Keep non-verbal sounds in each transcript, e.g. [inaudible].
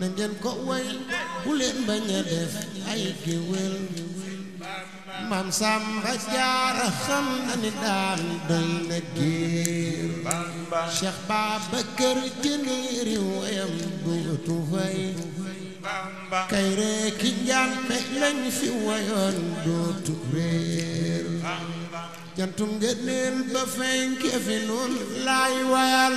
na ngeen ko way bu leen bañ a def ay géwél maam Samba Jaara xam na ni daan doy na géer Cheikh Babacar ci niiri wayam duutu fay kayre ki njàmme lañ fi wayoon dootu réer jantu ngeen ba feeñ kefi noon laay wayal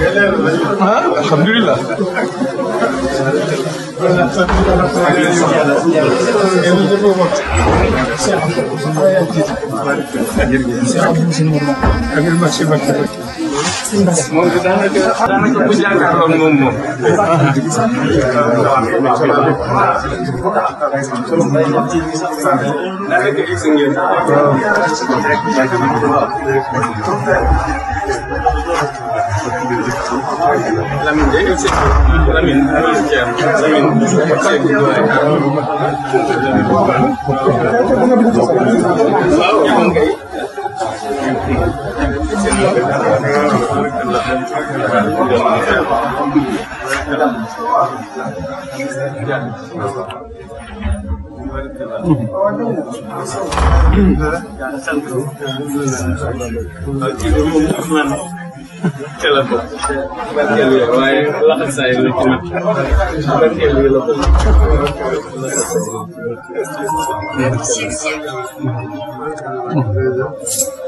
ah alhamdulilah. moom bi daanaka daanaka bu jàkkaarloon moom moom. daanaka gis ngeen. waaw. Lamine de eksik. Lamine öyle ki yani. Lamine eksik. Wow, yapın gayet. Thank you. te la ko barkeel yooyu waaye laxas saa yi la ci nag barkeel yooyu la ko laxas saa yi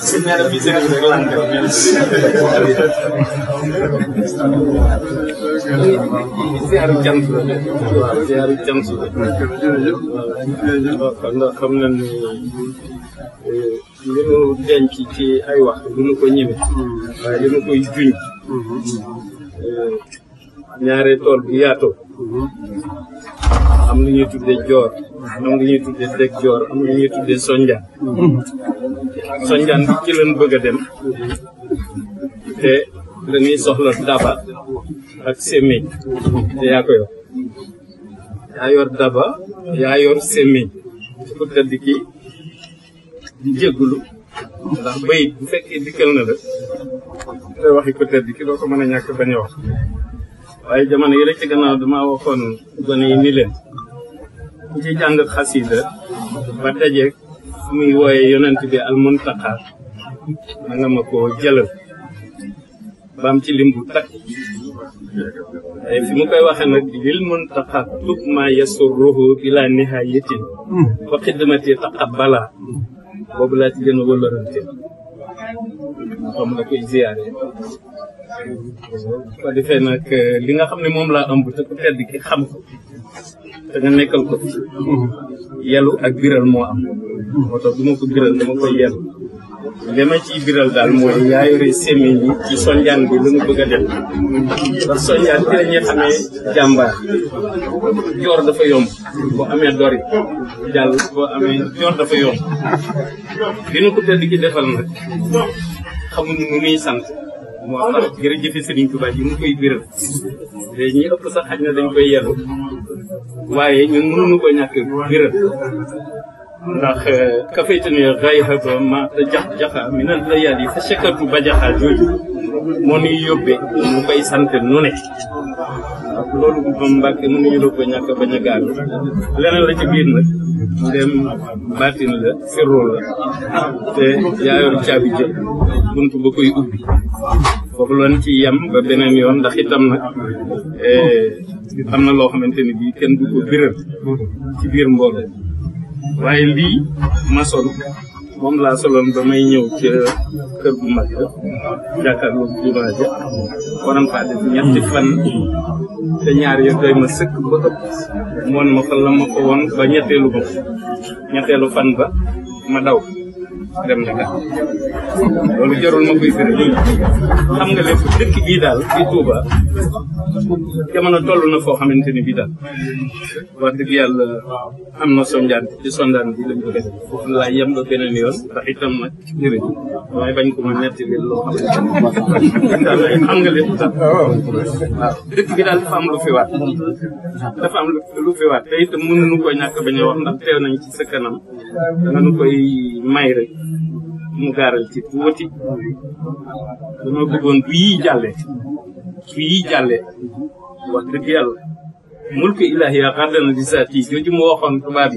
Se não era miséria, pelo menos. Ziaru cant la de waaw ziaru cant la. kon nag xam na ni mu denc ci ay wax du ma ko waaye li ma koy juñ. ñaare tool bu yaatoo. am lu ñuy tuddee joor. am na ñuy tuddee Deg Joor am na ñuy tuddee Sonjaan Sonjaan bi ci dem te dañuy soxla daba ak semmiñ te yaa ko yor yaa yor daba yaa yor semmiñ ku tëdd ki di jéggulu ndax bayit bu fekkee dikkal na la te waxi ku tëdd ki doo ko mën a ñàkk bañ a ku ci jàng xasida ba dajeeg fu muy wooyee yonent bi almuntaqa na nga ma koo jëlal baam ci lim bu takk ay fi mu koy waxee nag lil muntaqa tub ma yasurruhu bila nihayatin fa xidmati taqabbala boobu laa ci gën a wëlërante xam la koy ziyaare ko defee nag li nga xam ne moom la ëmb te ku tedd ki xam te nga nekkal ko yelu ak biral moo am moo tax du ma ko biral dama koy yelu li ma ciy biral daal mooy yaa yore ci sonjaan bi la ñu bëgg a dem ndax sonjaan bi la ñuy xamee jàmbaar dafa yomb boo ame dori jàll boo amee joor dafa yomb li nu ko ki defal nag xamuñu nu nuy sant moo tax jërëjëfe Serigne Touba yi mu koy biral ñi ëpp sax xaj na dañ koy yellu waaye ñun mënuñu ko ñàkk biral ndax kafaytani euh, ma jax jaxa min al layali fa shakartu ba jaxa jooju moo nuy yóbbee mu sant nu ak loolu moom Mbàkke mënuñu la ko ñàkk a gaal leneen la ci biir nag la sirru te yaa yor bunt ba ubbi foofu ci yem ba beneen yoon ndax itam nag eh, am na loo xamante ni bii kenn du ko biral ci biir mbooloo waaye lii ma sol moom laa soloon ba may ñëw ca kër gu mag jàkkaarloo jumaa ja waroon faa fan te ñaar yooyu doy ma sëkk ba ëpp moon ma fa la ma woon ba ñetteelu ba ñetteelu fan ba ma daw dem na daal loolu jarul ma koy firi xam nga lépp dëkk bii daal di Touba jamono toll na foo xamante ni bii daal wax dëgg yàlla am na sondaan ci sondaan bi lañ ko def foofu laa yem ba beneen yoon ndax itam nag jërëjëf waaye bañ ko ma nettali loo xamante ne am nga lépp sax. waaw dëkk lu fi waat. dafa lu fi waat te itam mënuñu ko ñàkk bañ a wax ndax nañ ci sa kanam danga nu koy may rek mu gaaral ci tuuti. dama bëggoon bu yii jàllee bu yii dëgg yàlla mulk ilaahi yaa xardana di saa tii jooju mu waxoon tubaab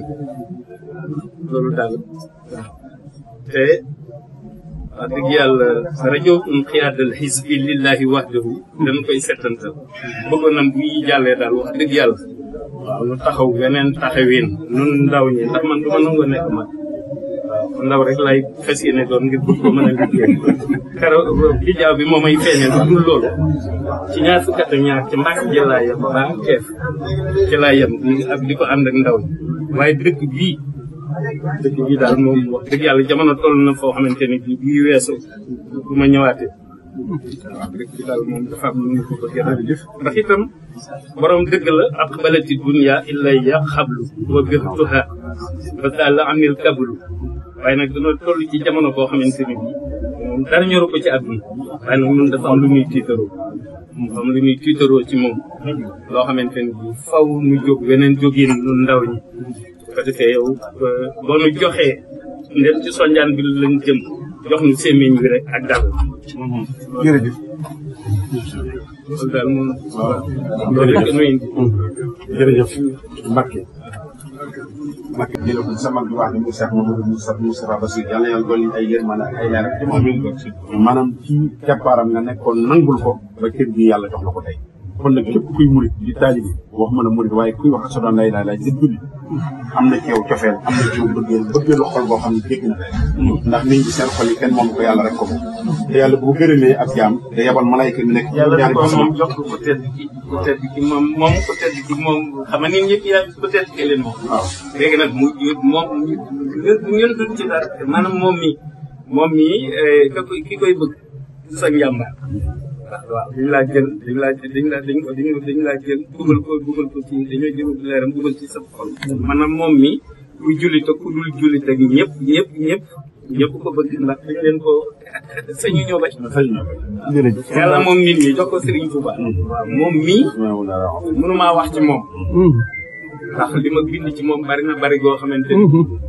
te. wax dëgg yàlla rajo um xiyaadal xisbi lillahi wahdahu dañ koy settantal bëggoon na bu ñuy jàllee daal wax dëgg yàlla lu taxaw beneen taxawin nun ndaw ñi ndax man du ma nangoo nekk ndaw rek laay fas yéene doon ngir bëgg ko a liggéey kara bi jaaw bi moo may feeñee lu dul loolu ci ñaar fukk ñaar ci mbàkk ji baa teef ci laa yem ak ko ànd ak ndaw ñi waaye dëkk bii dëkk bi daal moom wax dëgg yàlla jamono toll na foo xamante ne bii bii weesu bu ma ñëwaatee. waaw dëkk bi daal moom dafa am lu ñu ko ak balati dunya illa ya xablu wa birtuha ba daal la amil kablu waaye nag dana toll ci jamono boo xamante ne bii moom dara ñoru ci àdduna waaye nag ñun dafa am lu muy tiitaroo ci moom loo xamante ne bii faw nu jóg weneen jógin lu ndaw ñi bu ko defee yow euh, boo nu joxee ndem bi lañ jëm jox nu sémmiñ bi rek ak dàll. jërëjëf. loolu daal moom. loolu rek nuyu indi. jërëjëf Mbacke. Mbacke di la ko sa mag bi wax ne Moussa Mamadou Moussa Moustapha Bassirou yàlla yàlla dolli ay yërmande ak ay leer ak jëmm amiin maanaam ci keppaaram nga nekkoon nangul ko ba kër gi yàlla jox la ko tey. kon nag képp kuy murit di taalibi wax ma la murit waaye kuy wax ak am na ci yow am na ci yow bëggeel bëggeelu xol boo xam ne dégg ndax nit ñi seen xol yi kenn ko yàlla rek ko moom te yàlla bu gërëmee da yabal malayka mi nekk ñaari ko moom jox ko tedd ki ko tedd ki moom moom ko ki moom xam nga nit ñëpp yaa ki leen moom waaw nag mu moom ngeen dund ci dara maanaam moom mii moom mii eh, ka koy ki koy bëgg sa waaw dañ laa jël dañ laa dañ laa dañ ko dañ laa jël dugal ko dugal ko ci dañoo jël leeram dugal ci sa xol maanaam moom mi ku jullit ak ku dul jullit ak ñëpp ñëpp ñëpp ñëpp ko bëgg ndax dañ leen ko sañu ñoo bañ yàlla moom nit ñi jox ko Serigne Touba moom mii mënumaa wax ci moom mm-hmm. ndax li ma bind ci moom bari na bari goo xamante ni mm-hmm.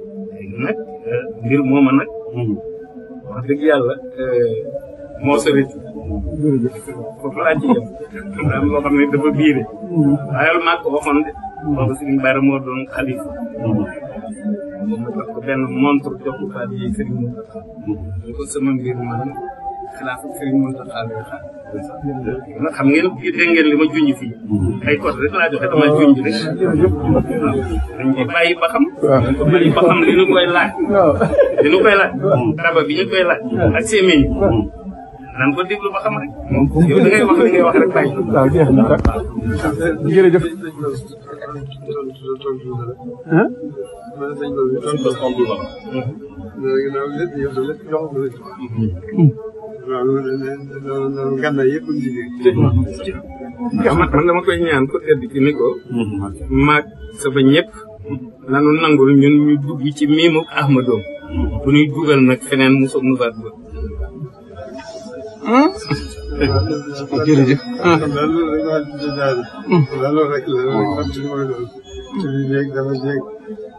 nag euh, mbir mooma nag. Hmm. wax dëgg yàlla euh, moo sa rëcc. foofu laa ci yem. dafa biire. Hmm. waaye lu maa de. Hmm. boobu Sëriñ doon xalifa. moom mu ko benn mbir man xalaat Sëriñ Mountakha bi xaar. xam ngeen dégg ngeen li ma junj fii. Mm-hmm. ay cos rek laa joxe damay junj rek. waaw ah. dañ koy bàyyi ba xam. waaw ah. dañ ko bàyyi ba xam li ñu koy laaj. waaw ah. li ñu koy laaj. raba bi ñu koy laaj. ak semeñ. nan ko déglu ba xam rek. yow da ngay wax li ngay wax rek bàyyi. waaw jeex na sax jërëjëf. ah. loolu gànnaay man dama koy ñaan ko tedd ki ni ko. maag sama ñëpp. ñun ñu dugg ci miimu Ahmadoom. bu ñuy dugal nag feneen mu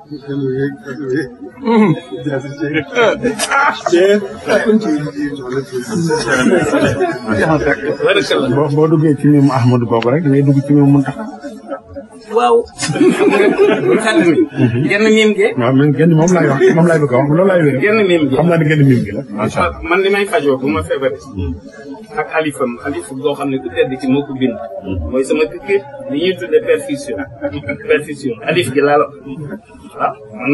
boo duggee ci miimu Ahmadu googu rek da ngay dugg ci miimu Muntaxa waaw. genn miim gi. waaw man genn moom laay moom bëgg a wax loolu laay wér. genn miim gi xam naa ne man li may fajoo bu ma feebaree. ak alifam alif boo xam ne ku tedd ci moo ko mooy sama kii li ñuy tuddee perfusion. alif gi laa la waaw man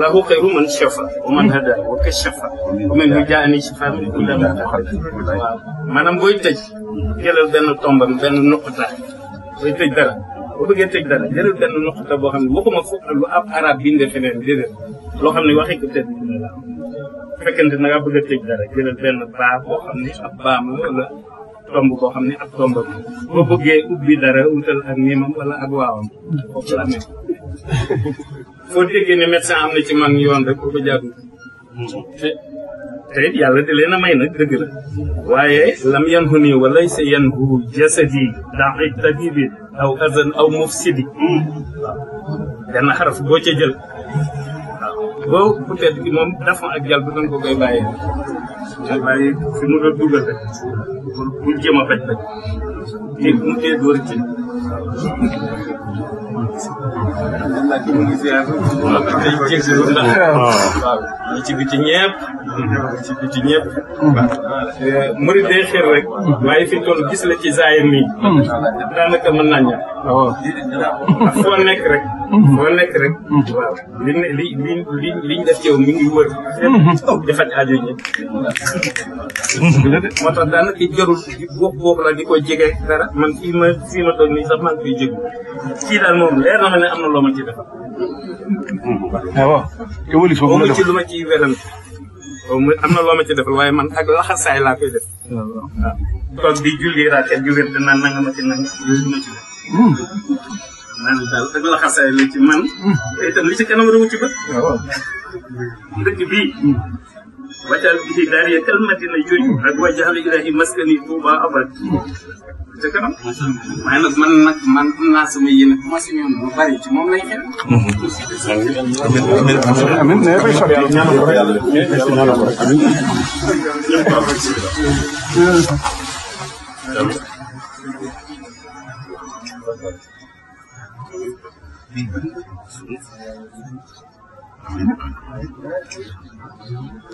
lahu xayru man shafa wa man hada wa kashafa. wa man hujaani shafa ma maanaam booy tëj. jëlal benn tombam benn nuqta booy tëj dara. boo bëggee tëj dara jëlal benn nuqta boo xam ne waxuma foofu lu ab arab bindee feneen déedéet loo xam ne waxi ko tëj dina la am bu fekkente ne ngaa bëgg a tëj dara jëlal benn baa boo xam ne ab baam wala tomb boo xam ne ab tomb bi boo bëggee ubbi dara wutal ak niimam wala ak waawam la amee [laughs] foo déggee ne médecin am na ci man yoon rek boo ko jàddu mm. te te yàlla di leen a may la waaye lam yan hu nii walay sa hu jasadi dai tabibi aw azan aw mufsidi waaw benn xaraf boo ca jël waaw dafa ak jàll bi dañ ko koy bàyyee nga bàyyi fi mu te mu tee dóor ñi ci biti ñëpp. ñi ci biti ñëpp. Mm-hmm. murid day xër rek. Mm-hmm. waaye fi toll gis la ci zaayir nii. Mm-hmm. daanaka mën naa ñor. waaw nekk oh. rek. foo nekk rek. li li li liñ def yow mi wër. Oh. defal aajo ñëpp. moo tax daanaka jarul la di ko jege dara man fii ma fii ma toog nii sax maa ngi moom leer na ma ne loo ma ci defal. Ah, waaw wëli foofu la ciy werante am na loo ma ci defal waaye man ak laxasaay laa koy def. waaw toog di julli raaket ju nanga ma ci nanga yooyu ma ci hmm. daal ak laxasaay la ci man. Hmm. te itam li ci kanam wajal hidariya kalmati na joji ak wajal ilahi maskani tuba abad te kanam waaye nag man nag man am naa sama yéen ak ma suñu yoon bu bari ci moom lay xel amin ne bay sotti ñaan ko rek ñaan ko rek amin Thank you.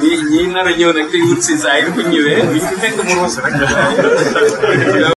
ñi ñi nar a ñëw nag te wut si saa yi bu ñëwee bu ñu fi fekk mu ruus rek.